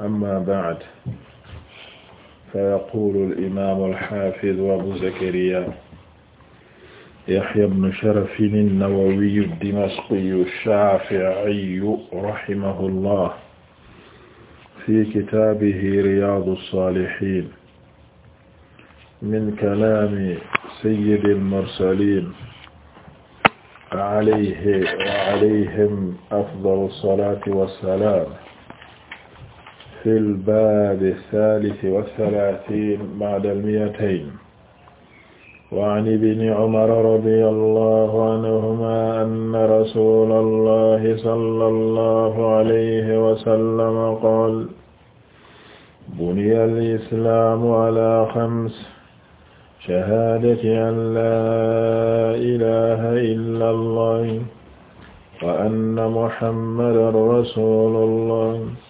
amma ba'd fa yaqulu al-imaamu al-haafidu abu zakariyaa yahyaa ibnu sharafin an-nawawiyyu ad-dimashqiyyu ash-shaafi'iyyu rahimahullah fi kitaabihi riyaadu as-saalihiin min kalaami sayyidil mursaliin alayhi wa alayhim afdalu as-salaati was-salaam fi lbaabi saalisi wasalaasiin ba'dal miyatayn wa an ibni umara radiyallahu anhumaa anna rasuulallahi sallallahu alayhi wa sallam qaala buniya al-islaamu alaa xams shahaadati an laa ilaaha illallaahi wa anna muhammadan rasuulullaah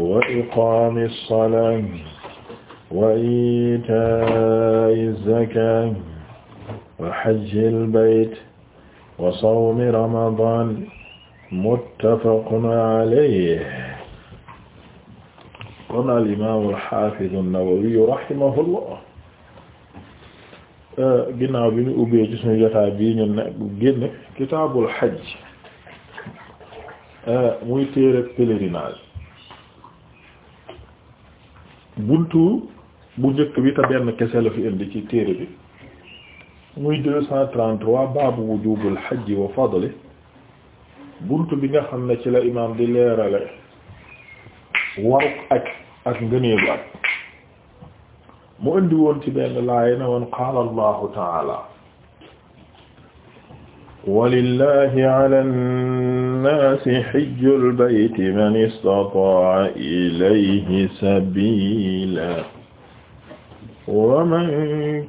wa iqaami salaam wa iitaa'i zakaat wa hajjil bayt wa sawmi ramadaan muttafaqun alayhi kon al imaam al haafiz an-Nawawi rahimahullah ginnaaw bi ñu ubbee ci suñu jotaay bii ñu ne génn kitaabul hajj muy téere pèlerinage buntu bu njëkk bi te benn kese la fi indi ci téere bi muy deux cent trente-trois baabu wa fadli buntu bi nga xam ne ci la imaam di leerale waruk ak ak ngëneelu ak mu indi woon ci benn laaya ne woon qaala taala walillahi ala linnaasi hijjul bayti man istataa'a ilayhi sabiila wa man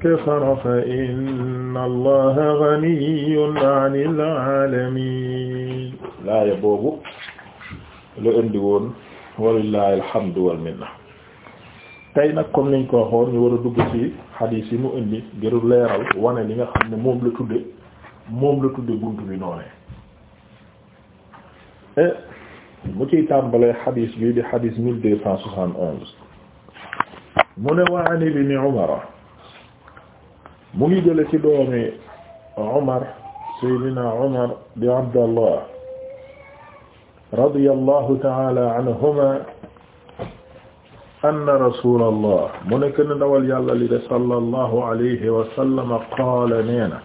kafara fa inna allaha ganiyyun 'anil 'aalamiin laaya boobu la indi woon walillaahi alhamdu wal minna tey nag comme niñ ko waxoon ñu war a dugg ci xadiis yi mu indi ngir leeral wane li nga xam ne moom la tudde moom la tudde buntu bi noonee Eh, mu ciy tàmbalee xadis bi di xadis mille deux cent soixante onze mu ne wa an ibni Umar mu ngi jële ci doomi Umar Seydina Umar di Abdallah radiyallahu ta'ala anhuma anna rasulallah mu nekk ne ndawal yàlla li de sallallahu alayhi wa sallam qaala nee na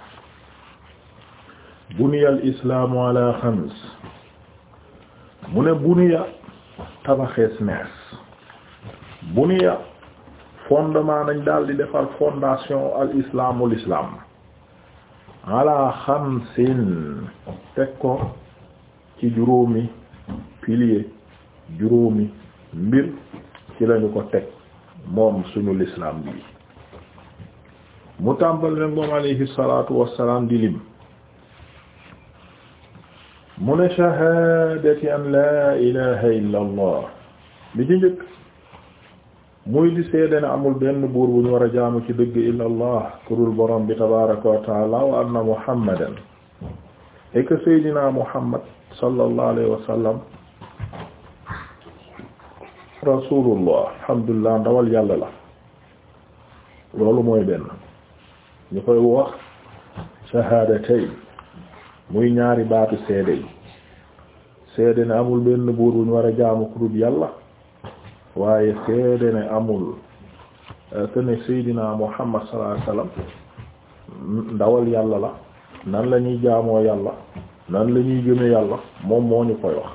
buniyal islaamu ala xams mu ne buniya tabaxees nees buniya fondement nañ daal di defar fondation al islamu l'islam ala xamsin teg ko ci juróomi pilier juróomi mbir ci lañu ko teg moom suñu l'islam bi mu tàmbal nag moom alayhi salatu wassalam di lim mu ne shahaadati an laa ilaha illa allah bi muy di seede ne amul benn buur bu ñu war a jaamu ci dëgg illa allah kurul borom bi tabaraka wa taala wa anna muhammadan et que muhammad sallallahu alayhi sallam rasulullah alhamdulillah ndawal yàlla la loolu mooy benn ñu koy wax shahaadatayn muy ñaari baatu seede seede ne amul benn buur bu ñu war a jaamu ku dul yàlla waaye seede ne amul te euh, ne seydina muhammad sallallahu alayhi ndawal yàlla la nan la ñuy jaamoo yàlla nan la ñuy gëme yàlla moom moo ñu koy wax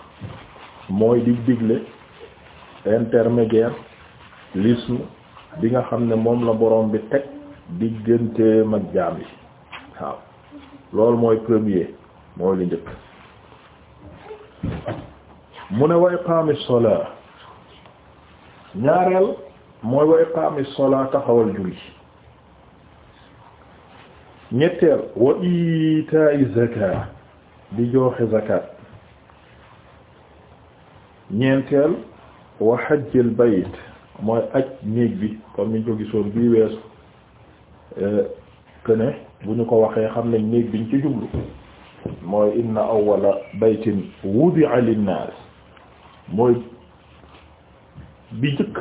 mooy di digle intermédiaire l'isme bi nga xam ne moom la borom bi teg digganteem mag jaam yi waaw loolu mooy premier mooy li njëkk mu ne wa iqaami salaa ñaareel mooy wa iqaami salaa taxawal julli ñetteel wa itaa'i zakaa di joxe zakat ñeenteel wa hajjil bayt mooy aj néeg bi comme niñ ko gisoon bii weesu këne bu ñu ko waxee xam nañ néeg biñ ci jublu mooy inna awwala baytin wudi'a linnaas mooy bi jëkk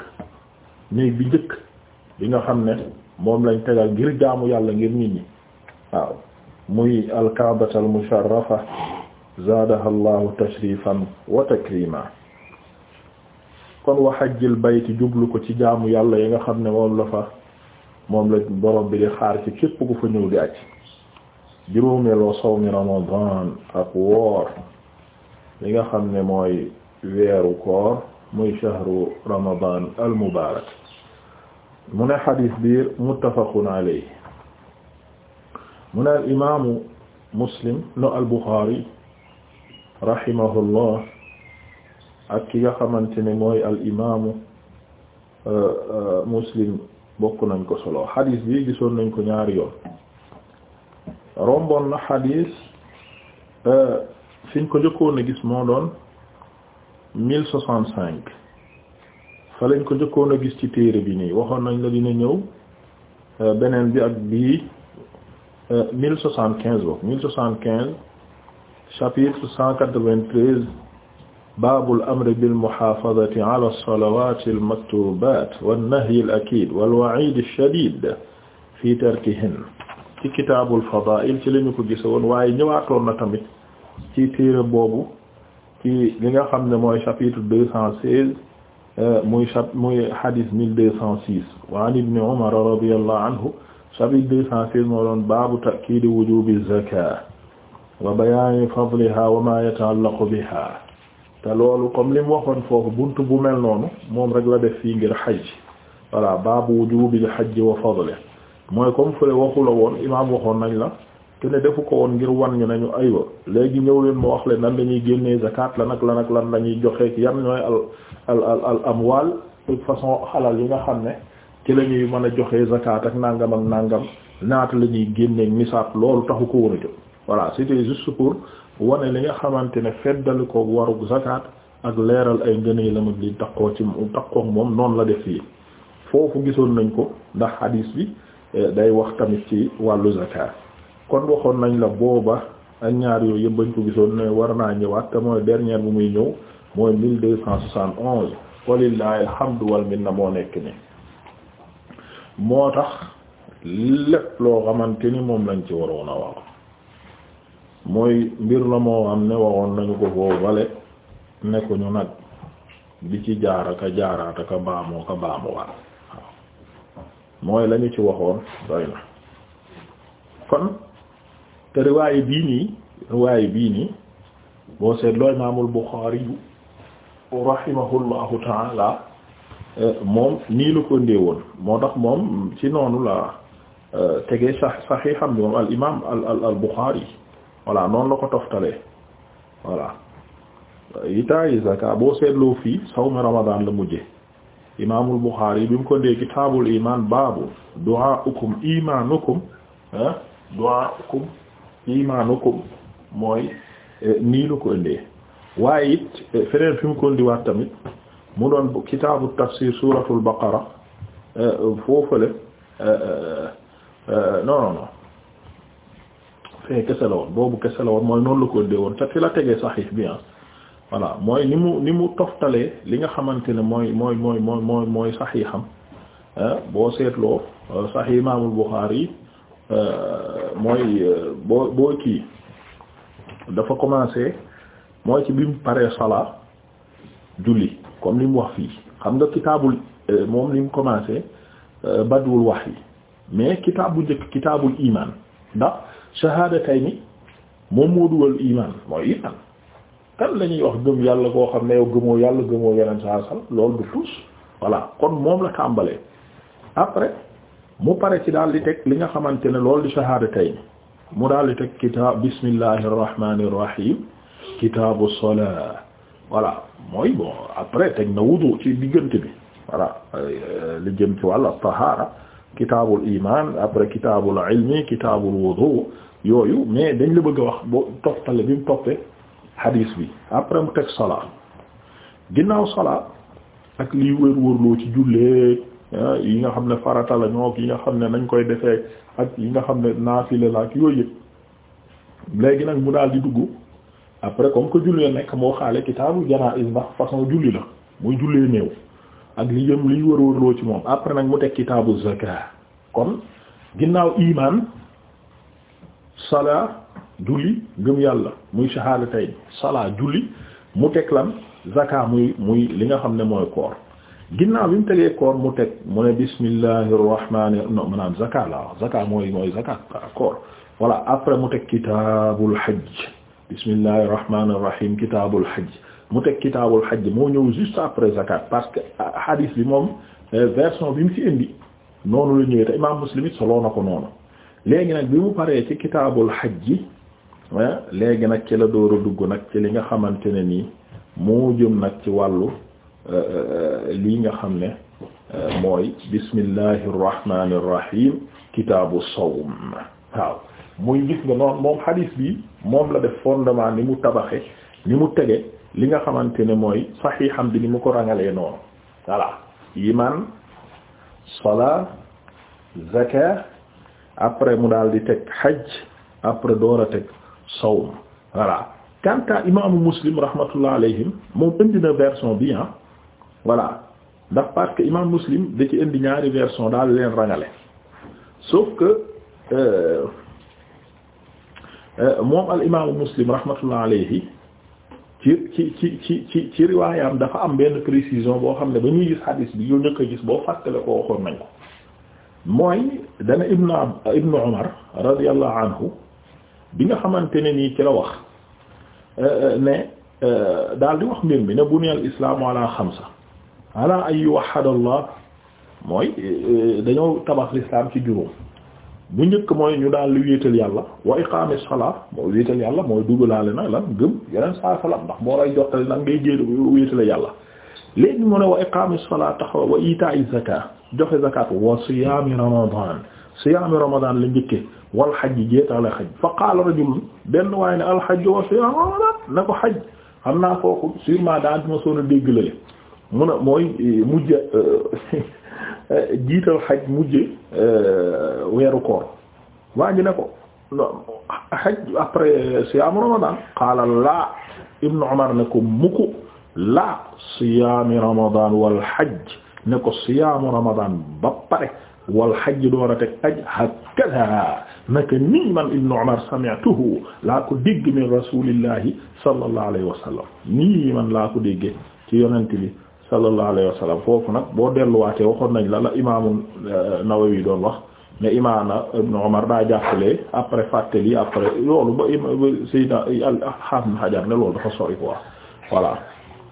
néeg bi njëkk bi nga xam ne moom lañ tegal ngir jaamu yàlla ngir nit ñi waaw muy alkaabatal musharrafa zaadaha llahu tashrifan wa takrima kon wa hajjil bayti jublu ko ci jaamu yàlla yi nga xam ne moom la fa moom la borom bi di xaar ci képp ku fa ñëw di aj juróomeeloo sawmi ramadan ak woor li nga xam ne mooy weeru koor muy shahru ramadan al mubarak mu ne xadis biir muttafaqun alayhi mu ne al imaamu muslim no al buxaari rahimahullah ak ki nga ne mooy al imaamu uh, uh, muslim bokk nañ ko solo xadis bi gisoon nañ ko ñaari yoon romboon na xadis uh, fiñ ko njëkkoon a gis moo doon mille soixante cinq fa lañ ko jëkkoon a gis ci téere bi nii waxoon nañ la dina ñëw euh, beneen bi ak bii euh, mille soixante quinze boobu mille soixante quinze chapitre cent quatre-vingt-treize baabul amri bil muhaafazati ala salawaati al maktuubaat wan nahyi al akiid wal wa'iidi shadiid fii tarkihin ci kitaabul fadaa'il ci lañu ko gisoon waaye ñëwaatoon na tamit ci téere boobu. ci li nga xam ne mooy chapitre deux cent seize euh, muy chap muy hadith mille deux cent six wa an ibni umar radiyallahu anhu chapitre deux cent seize moo doon baabu ta'kiid wujuubi zakaat wa bayaani fadlihaa wa maa yata'allaqu bihaa te loolu comme li mu waxoon foofu buntu bu mel noonu moom rek la def fii ngir xaj voilà baabu wujuubil hajji wa fadlihi mooy comme fële waxu la woon imaam waxoon nañ la te defu ko woon ngir wan ñu nañu aywa léegi ñëw leen ma wax leen nan lañuy génnee zakat lan ak lan ak lan lañuy joxe yan ñooy al al al al amwaal façon xalal yi nga xam ne ci la ñuy mën a joxe zakat ak nangam ak nangam naata la ñuy génneeg nisaab loolu taxu ko woon a jóg voilà c'était juste pour wane li nga xamante ne feddali ko waru zakat ak leeral ay ngënee la mag li takkoo ci takkook moom noonu la def fii foofu gisoon nañ ko ndax hadis bi eh, day wax tamit ci wàllu zakat kon waxoon nañ la booba ak ñaar yooyu yëpp bañ ko gisoon ne war naa ñëwaat te mooy dernière bu muy ñëw mooy mille deux cent soixante onze walillahi alhamdu wal minna moo nekk ni moo tax lépp loo xamante ni moom lañ ci waroon mbir la moo am ne waxoon ko foofu wale nekkuñu nag di ci jaaraka jaaraata ka baamoo ka baamuwaat waaw mooy lañu ci waxoon doy na kon te riwaaye bii nii riwaaye bii nii boo seetloo imaamul Buxaari yu rahimahullahu taala moom nii la ko ndee moo tax moom ci noonu la euh, tegee sa saxiixam bi moom al imaam al al al Buxaari noonu la ko toftalee voilà itaayi zaka boo seetloo fii sawmi Ramadan la mujje imaamul Buxaari bi mu ko ndee kitaabul imaan baabu du'aakum imaanukum du'aakum imaanukum mooy eh, nii la ko indee waaye it eh, feneen fi mu ko indiwaat tamit mu doon kitaabu tafsir suuratul baqara eh, foofale non non non fee kese la woon boobu kese la woon mooy noonu la ko indee woon te la tegee saxiix bi ah. voilà mooy ni mu ni mu toftalee li nga xamante ne mooy mooy mooy mooy mooy mooy saxiixam boo seetloo saxiix imaamul Buxaari Euh, mooy euh, boo boo kii dafa commencé mooy ci bi mu paree sala julli kon li mu wax fii xam nga kitaabul euh, moom li mu commencé badwul wax yi mais kitaab bu njëkk kitaabul iman ndax shahaadatay ni moom moo dugal iman mooy iman kan la ñuy wax gëm yàlla koo xam ne yow gëmoo yàlla gëmoo yeneen saa sal loolu du tuus voilà kon moom la tàmbalee après mu pare ci daal di teg li nga xamante ne loolu di shahaadatayni mu daal di teg kitaab bismillahi irrahmani irrahim kitaabu salaa voilà mooy bon après teg na wudu ci diggante bi voilà li jëm ci wàllu tahaara kitaabul iman après kitaabul ilmi kitaabul wudu yooyu mais dañ la bëgg a wax boo toftale bi mu toppee hadis bi après mu teg salaa ginnaaw salaa ak liy wër-wër loo ci jullee Ah, yi nga xam ne farata la ñoo yi nga xam ne nañ koy defee ak yi nga xam ne naafila la ak yooyu yëpp léegi nag mu daal di dugg après comme que julli la nekk moo xaale kitaabu janaa'iz ndax façon julli la muy jullee néew ak li jëm liy wërwërloo ci moom après nag mu teg kitaabu zakat kon ginnaaw iman salaa julli gëm yàlla muy tey salaa julli mu teg lan zakat muy muy li nga xam ne mooy koor ginnaaw bi mu tegee koor mu teg mu ne bismillahi rahmani non maanaam zakat la wax zakat mooy mooy zakat koor voilà après mu teg kitaabul hajj bismillahi rahmani rahim kitaabul hajj mu teg kitaabul hajj moo ñëw juste après zakat parce que hadith bi moom euh, version bi mu ci indi noonu la ñëwee te imam muslim it soloo na ko noonu léegi nag bi mu paree ci kitaabul hajj léegi nag ci la door a dugg nag ci li nga xamante ne nii moo jëm nag ci wàllu Euh, euh, lii nga xam ne euh, mooy bismillahi irrahmani irrahim kitaabu sawm waaw muy gis nga noonu moom hadith bi moom la def fondement ni mu tabaxe ni mu tege li nga xamante ne mooy saxiixam bi ni mu ko rangalee noonu voilà iman salaa zakat après mu daal di teg hajj après door a teg sawm voilà quant à imaamu muslim rahmatullah alayhim moo bindi na version bi ah voilà ndax parce que muslim da ci indi ñaari version daal leen rangale sauf que euh, euh, moom al imaamu muslim rahmatullah alayhi ci ci ci ci ci ci riwaayam dafa am benn précision boo xam ne ba ñuy gis hadis bi yu njëkk a gis boo fàttale ko waxoon nañ ko mooy dana ibnu a ibnu umar radiyallahu anhu bi nga xamante ne nii ci la wax euh, ne daal di wax mbir mi ne buniyal islaamu ala xamsa ala ay yuwahhadallah mooy euh, dañoo tabax l'islam ci juróom bu njëkk mooy ñu daal li wéetal yàlla wa iqaami salaa mooy wéetal yàlla mooy dugalaale na lan gëm yeneen saa salam nag ngay génn wéetale yàlla léegi mu ne wa iqaami salaa taxaw wa itaa'i zakat wa siyaami ramadan siyaami ramadan la njëkkee wal xajji jeetale xaj fa qaala rajulun benn waaye ne alxajj wa siyaami ramadan na ko xaj xam naa kooku sûrement daa dima soon a dégg lale mun a mooy eh, mujj eh, eh, jiital xaj mujj weeru koor waa ji ne ko xaj après siyaam ramadan qaala laa ibnu umar ne ko mukku laa siyaami ramadan wal xaj ne ko siyaamu ramadan ba pare wal xaj doon a teg aj hakada naka nii man ibnu umar sami'tuhu laa ko dégg min rasulillahi sallallahu alayhi wa sallam nii man laa ko dégge ci yonent bi sallallahu alayhi wa sallam foofu nag boo delluwaatee waxoon nañ la la imaamu euh, Nawawi doon wax ne imaana Ibn Umar daa jàppale après fàttali après loolu ba Seydina al-Hafiz Hajar ne loolu dafa sori quoi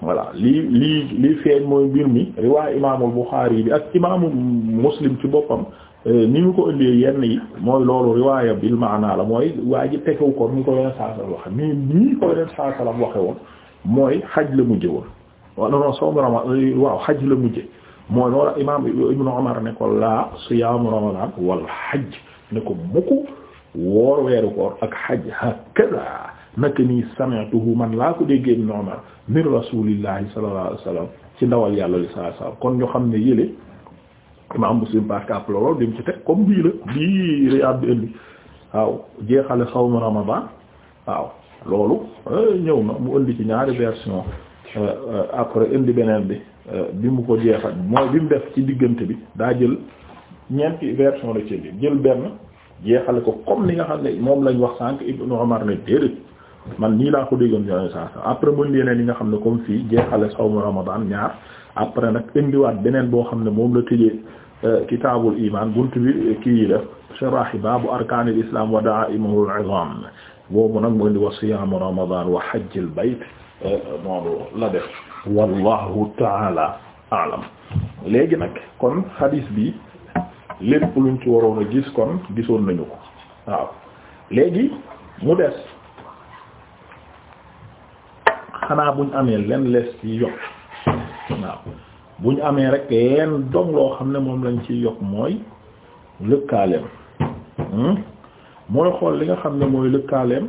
voilà lii lii lii feeñ mooy mbir mi riwaay imaamul Buxaari bi ak imaamu Muslim ci boppam euh, ni ñu ko ëndee yenn yi mooy loolu riwaaya bil maanaa la mooy waa ji tegewu ko ni ko yeneen saa salaam waxe mais woon mooy xaj la mujjë woon wala non sawm ramadan euh, waaw xaj la mujje mooy loola imam ibnu Umar ne ko laa siyaamu ramadan wal xaj ne ko mukku woor weeru ak xaj hakaza naka nii sami'tuhu man laa ko déggee ibnu Umar min rasulillahi la alayhi wasallam ci ndawal yàlla li sallallahu alayhi kon ñu xam ne yële imam Muslim barka àpp loolu dem ci teg comme bii la bii Riyad bi indi waaw jeexale sawm ramadan waaw loolu euh, ñëw na mu indi ci ñaari version Euh, euh, après indi beneen bi euh, bi mu ko jeexal mooy bi mu def ci diggante bi daa jël ñeenti version la ci jël benn jeexale ko comme ni nga xam ne moom lañu wax sànq Ibnu Umar ne déedéet man nii laa ko déggoon ci saa saa après mu indi yeneen yi nga xam ne comme fii jeexale sawmu Ramadan ñaar après nag indiwaat beneen boo xam ne moom la tëjee kitaabul iman buntu bi kii yi def sharaahi baabu arkaanil islaam wa da'aa'imuhu al-'izaam boobu nag mu indi wa siyaamu Ramadan wa hajjil bayt noonu la def wallahu taala alam léegi nag kon hadith bi lépp luñ ci waroon a gis kon gisoon nañu ko waaw léegi mu des xanaa buñ amee len lees ci yokk waaw buñ amee rek leen dong loo xam ne moom lañ ciy yokk mooy lëkkaaleem hmm? mooy xool li nga xam ne mooy lëkkaaleem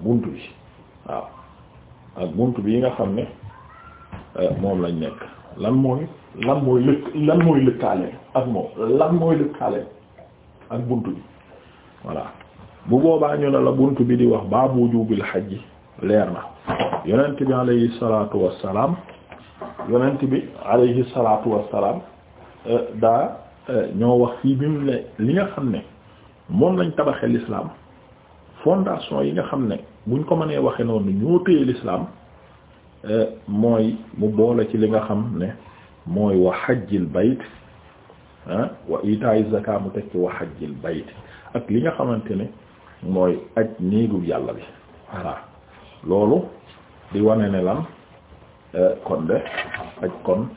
bunt bi waaw ak bunt bi nga xam ne moom lañ nekk lan mooy lan mooy lëkk lan mooy lëkkaale ak moom lan mooy lëkkaale ak bunt bi voilà bu boobaa ñu ne la bunt bi di wax baa baabu wujubil xajji leer na yonent bi alayhi salaatu wassalaam yonent bi alayhi salaatu wassalaam daa ñoo wax fii bi mu ne li nga xam ne moom lañ tabaxe lislaam fondation yi nga xam ne buñ ko mënee waxe noonu ñoo téye lislaam euh, mooy mu boole ci li nga xam ne mooy wa hajjil bayt ah wa itaay zaka mu teg ci wa hajjil bayt ak li nga xamante ne mooy aj néegu yàlla bi voilà loolu di wane ne lan euh, kon de aj kon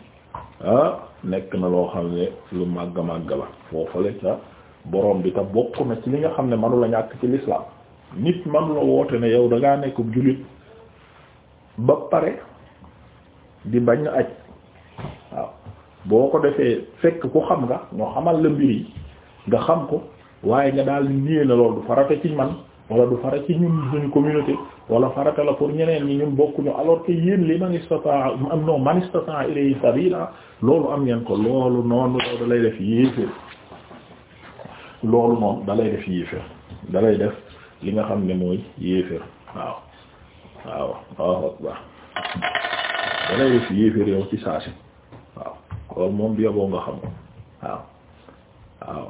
ah nekk na loo xam ne lu màgg màgg la foofale ca boroom bi te bokk na ci li nga xam ne manu la ñàkk ci l'islam nit manu la woote ne yow da ngaa nekk jullit ba pare di bañ aj waaw boo ko defee fekk ku xam nga ñoo xamal la mbir yi nga xam ko waaye nga daal nié na loolu du farata ci man wala du farata ci ñun suñu communauté wala farata la pour ñeneen ñi ñun bokkuñu alors que yéen li man istata am non man istata ilayhi sabila loolu am ngeen ko loolu noonu loolu lay def yéeféer loolu noonu dalay def yéeféer dalay def li nga xam ne mooy yéeféer waaw waaw waaw waaw dalay def yéeféer waaw nga xam waaw waaw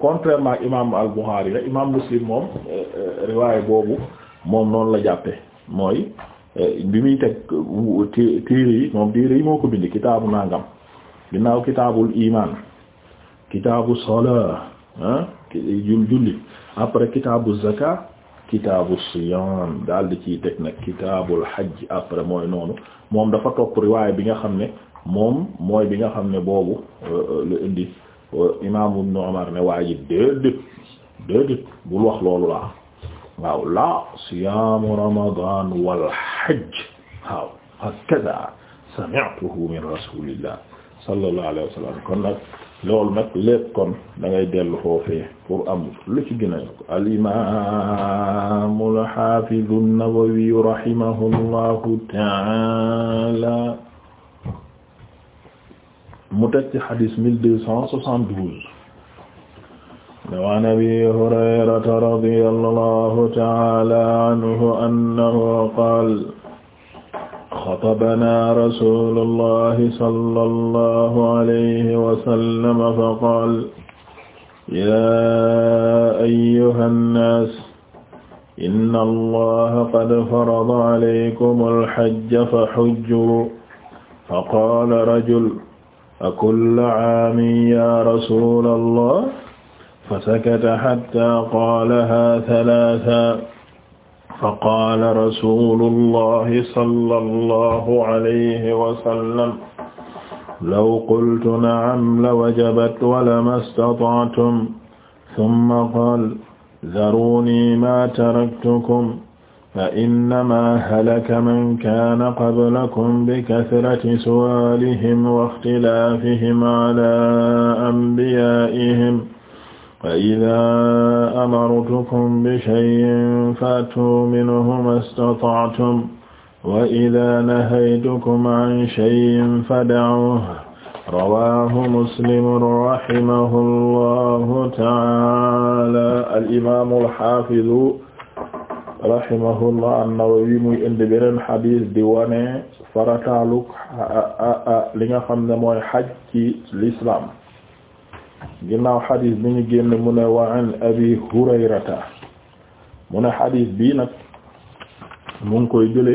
contrairement ak imaam al-Bukhari la imaam Muslim moom euh, riwaay boobu moom noonu la jàppe mooy euh, bi muy teg tiir yi moom tiir yi moo ko bind kitaabu nangam ginnaaw kitaabul iman kitaabu salaa ah jul julli après kitaabu zaka kitaabu siyam daal di ci teg nag kitaabul hajj après mooy noonu moom dafa topp riwaay bi nga xam ne moom mooy bi nga xam ne boobu euh, euh, lu indi euh, imaamu Ibnu Umar ne waaye déedéet déedéet bul wax loolu laa waaw laa siyaamu ramadan wal hajj waaw hakaza sami'tuhu min rasulillah sallallahu alayhi wa sallam kon nag loolu nag lépp kon da ngay dellu foofee pour am lu ci gën a yokk al imam al hafiz an-Nawawi rahimahullahu ta'ala mu teg ci xadis mille deux cent soixante-douze wa an Abi Hurayrata radiyallahu ta'ala anhu annahu qaala xatabana rasulullahi sallallahu alayhi wa sallam faqaal yaa ayyuha nnaas inna allaha qad farada alaykum alhajja fahujjuu faqaala rajul akulla caamin yaa rasulallah fasakata hattaa qaalahaa talaasan faqaala rasuulullahi sallallahu alayhi wa sallam law qultu na'am lawajabat wa lamastata'tum thumma qaala dharuunii maa taraktukum fa innamaa halaka man kaana qablakum bikathrati su'aalihim wa ikhtilaafihim alaa anbiyaa'ihim fa idaa amartukum bi shay'in fa'tuu minhu mastata'tum wa idaa nahaytukum an shay'in fad'uuhu rawaahu muslimun rahimahullahu ta'aala al-imaamul haafizu rahimahullah an-Nawawi muy indi beneen xadis di wane farataaluk li nga xam ne mooy xaj ci l'islam ginnaaw xadis bi ñu génn mu wa an abi hurayrata mu ne xadis bii nag mu ngi koy jële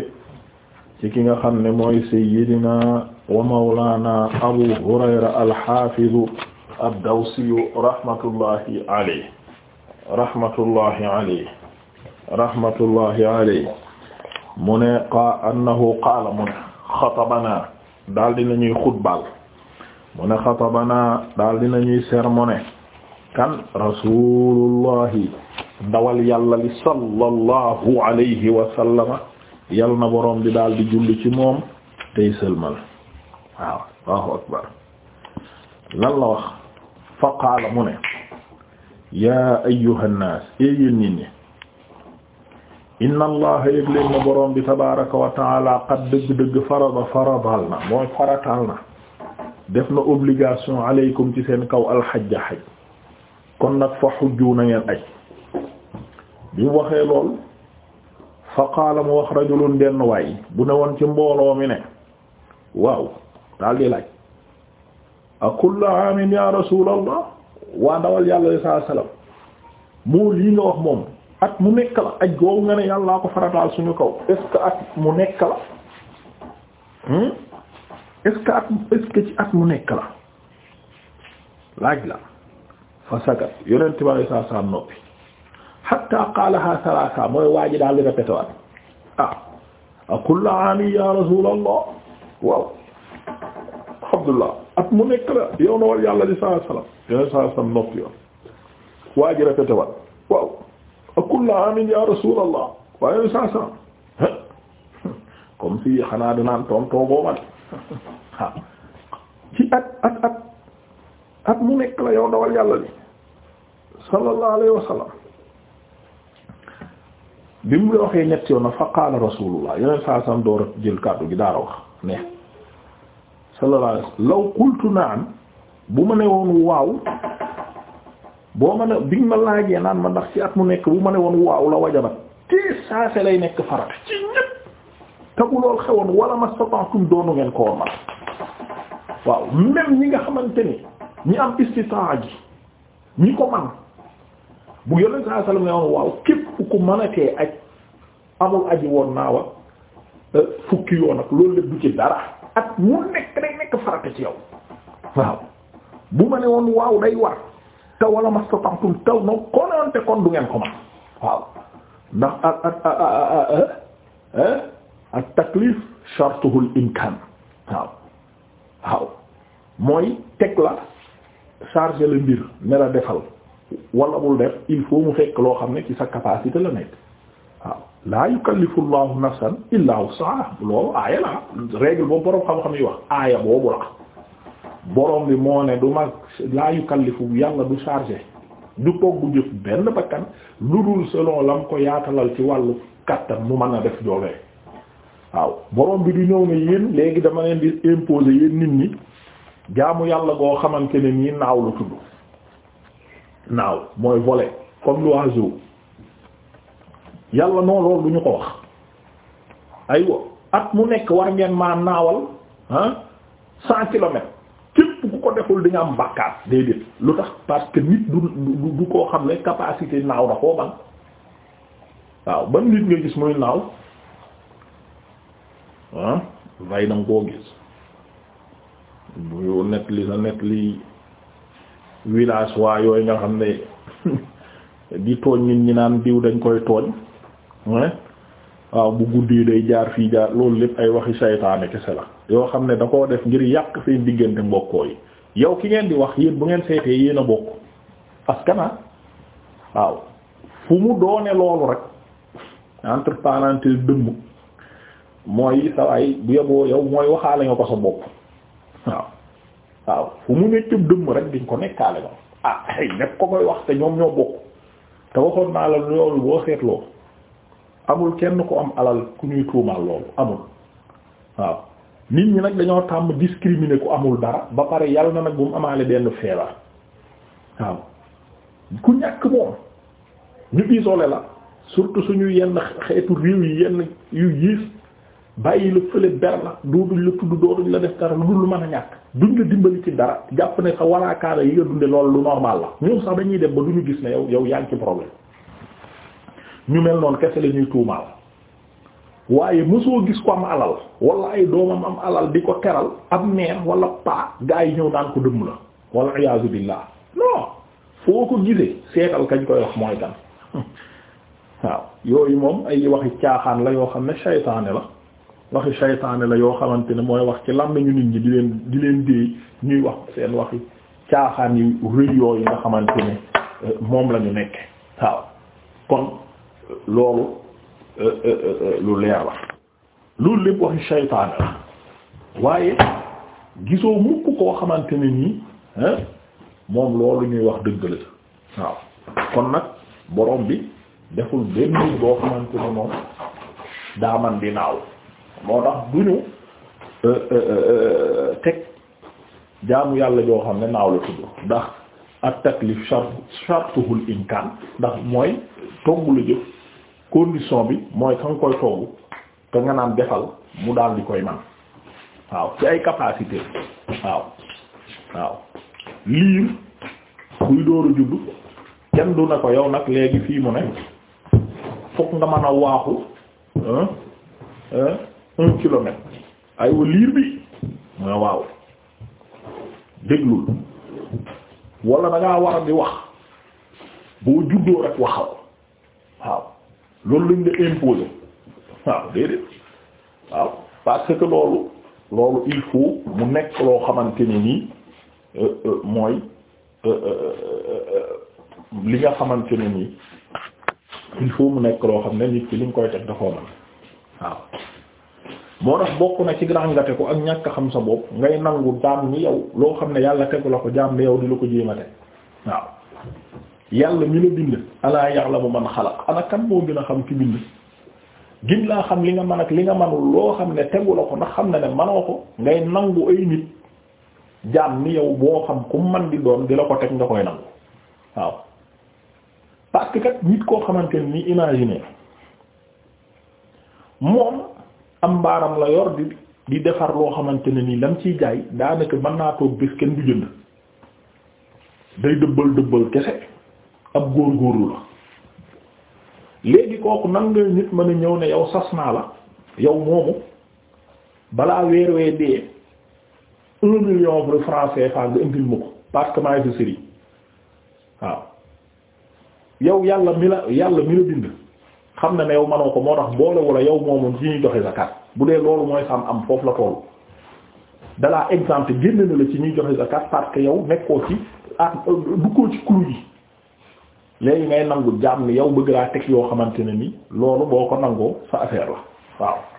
i ki nga xam ne mooy sayyidina wa mawlana abu hurayra alxafidu addawsiyu rahmatullahi alayhi rahmatullahi alayhi rahmatullahi alayhi mu ne qa annahu qaala mu ne xutbal mu ne xatabana daal dinañuy sermoné kan rasulullahi dawal yàlla li sallallahu alayhi wa sallama yal na borom bi daal di julli ci moom tey sëlmal waaw allahu akbar lan la wax fa qaala mu ne yaa ayyuha nnaas éeyéen nit ñi inna allaha yëg leen na borom bi tabaraka wa taala qad dëgg-dëgg farada faradal na mooy faratal na def na obligation aleykum ci seen kaw alxajja xaj kon nag fa xujju na ngeen aj bi mu waxee lool fa qaala mu wax rajulun benn waay bu ne woon ci mbooloo mi ne waaw daal di laaj a kulla aamin ya rasulallah waa dawal yàlla li saa sallam moo lii nga wax moom at mu nekk la aj googu nga ne yàllaa ko farataal suñu kaw est at mu nekk la hmm? est-ce at est-ce fa sagat yonent bi alei saa salaam noppi hatta qaalaha salasa mooy waa ji daal di répété waat ah a kullu aami ya rasulallah waaw Abdullah at mu nekk la yow na wal yàlla di saa salaam a kullu aami ya rasulallah waaw yonent saa salaam comme si xanaa dinaan toom toogoo mat waaw ah. ci at at at at mu nekk la yow dawal yàlla li sallallahu alayhi bi mu waxee ñett yoon na fa qaala rasulullah yeneen saa sam door jël kàddu gi daara wax ne sallallahu alayhi wa sallam law qultu na'am bu ma ne woon waaw boo ma ne bi ma laajee naan ma ndax ci at mu nekk bu ma ne woon waaw la wajabat te saa se lay nekk farata te bu lool xewoon wala mastata'tum doonu ngeen ko man waaw même ñi nga xamante ni ñi am istitaa gi ñi ko man bu yonent saa sallam ne woon waaw képp ku mënatee aj amul aji woon naa wa euh, fukki yoon ak loolu lépp du ci dara ak mu nekk day nekk farata ci yow waaw bu ma ne woon waaw day war te wala mastata'tum taw na konoonte kon du ngeen ko man waaw ndax ak ak ak taklif shartuhul imkan waaw waaw mooy teg la charger le mbir ne la defal wala bul def il faut mu fekk loo xam ne ci sa capacité la nekk waaw laa yukallifu llahu nafsan la règle boobu boroom xam-xam yi wax aaya boobu la boroom bi moo ne du mag laa yukallifu yàlla du chargé du togg jëf benn bakkan lu dul selon lam ko yaatalal ci wàllu kàttan mu mën a def joolee waaw borom bi di ñëw ne yéen léegi dama leen di imposer yéen nit ñi jaamu yàlla goo xamante ne nii naaw la tudd naaw mooy voler comme l'oiseau yàlla noonu loolu du ñu ko wax aywa at mu nekk war ngeen maa naawal ah cent kilomètres képp ku ko deful di nga am bàkkaar déedéet lu tax parce que nit du du koo xam ne capacité naaw na koo ban waaw ba nit nga gis muy naaw ah vay na koo gis bu net li sa net village waa yooyu nga xam ne di tooñ nit ñi naan diw dañ koy tooñ waaw bu guddi day jaar fii jaar loolu lépp ay waxi saytaane kese la yoo xam ne da koo def ngir yàq seen diggante mbokkoo yi yow ki ngeen di wax yéen bu ngeen seetee yën a bokk askana waaw fu mu doone loolu rek entre parenthèses mooy sawaay bu yeboo yow mooy waxaale nga ko sa bopp waaw waaw fu mu nekk dëmm rek diñ ko nekkaale ma ah nekk ko koy wax te ñoom ñoo bokk te waxoon naa la loolu boo seetloo amul kenn ku am alal ku ñuy tuumaal loolu amul waaw nit ñi nag dañoo tàmm discriminer ku amul dara ba pare yàlla na nag bu mu amaale benn feebar waaw ku ñàkk moom ñu isolé la surtout suñu yenn xeetu réew yi yenn yu yiis bàyyi la fële ber la doo duñ la tudd doo la def dara lu dul lu mën a ñàkk duñ la dimbali ci dara jàpp ne sa waraakaara yi nga dunde lool lu normal la ñoom sax dañuy dem ba duñu gis ne yow yow yaa ngi ci problème ñu mel noonu kese la ñuy tuumaal waaye mosoo gis ko am alal wala ay doomam am alal di ko teral am meer wala paa gaa yi ñëw naan ko dëmm la wala iyaazu billah non foo ko gisee seetal kañ koy wax mooy kan waaw yooyu moom ay waxi caaxaan la yoo xam ne saytaane la waxi saytaane la yoo xamante ne mooy wax ci ñu nit ñi di leen di leen déey ñuy wax seen waxi caaxaan yu rëy yooyu nga xamante ne euh, moom lañu ñu nekk waaw kon euh, loolu euh, lu leer la loolu lépp waxi saytaane la waaye gisoo mukk koo xamante ne nii moom loolu ñuy wax dëgg la waaw kon nag borom bi deful benn boo xamante moom daa man di naaw moo tax du ñu euh, euh, euh, teg jaamu yàlla joo xam ne naaw la tudd ndax ak taklif shart shartuhul imkaan ndax mooy togg la jëf condition bi mooy ka nga koy togg te nga naan defal mu daal di koy man waaw ci ay capacité waaw waaw liir kuy dóoru juddu kenn du na ko yow nag léegi fii mu ne fokk nga mën a waaxu un kilomètre aywa liir bi ma waaw déglul wala da ngaa war di wax boo juddoo rek waxaw waaw loolu lañ la imposer waaw déedéet waaw parce que loolu loolu il faut mu nekk loo xamante ne nii euh, euh, mooy euh, li nga xamante ne nii il faut mu nekk loo xam ne nit ki li nga koy teg dafa mën waaw moo tax bokk na ci ràngate ko ak ñàkk xam sa bopp ngay nangu jaam ni yow loo xam ne yàlla tegu la ko jaam ni yow di la ko jéem waaw yàlla mi la bind alaa ya'lamu man xalaq ana kan moo gën a xam ki bind gin xam li nga man ak nga manul loo xam ne tegu ko ndax xam na ne manoo ko ngay nangu ay nit jaam ni yow boo xam ku man di doon di la ko teg nga koy nangu waaw parce kat nit koo xamante ni imaginer moom am mbaaram la yor di di defar loo xamante ne nii lam ciy jaay daanaka mën naa toog bés kenn du jënd day dëbbal dëbbal kese ab góorgóorlu la léegi kooku nan nga nit mën a ñëw ne yow sas naa la yow moomu balaa weer wee dee un million de francs nga indil ma ko parce que maa ngi fi waaw yow yàlla mi la yàlla mi la bind xam na ne yow manoo ko moo tax boole wala yow moomu ci ñuy joxe zakat bu dee loolu mooy sam am foofu la toll dalaa exemple génn na la ci ñuy joxe zakat parce que yow nekkoo ci ah euh, duggoo ci clou yi léegi ngay nangu jàmm yow bëgg laa teg yoo xamante ne ni loolu boo ko nangoo sa affaire la waaw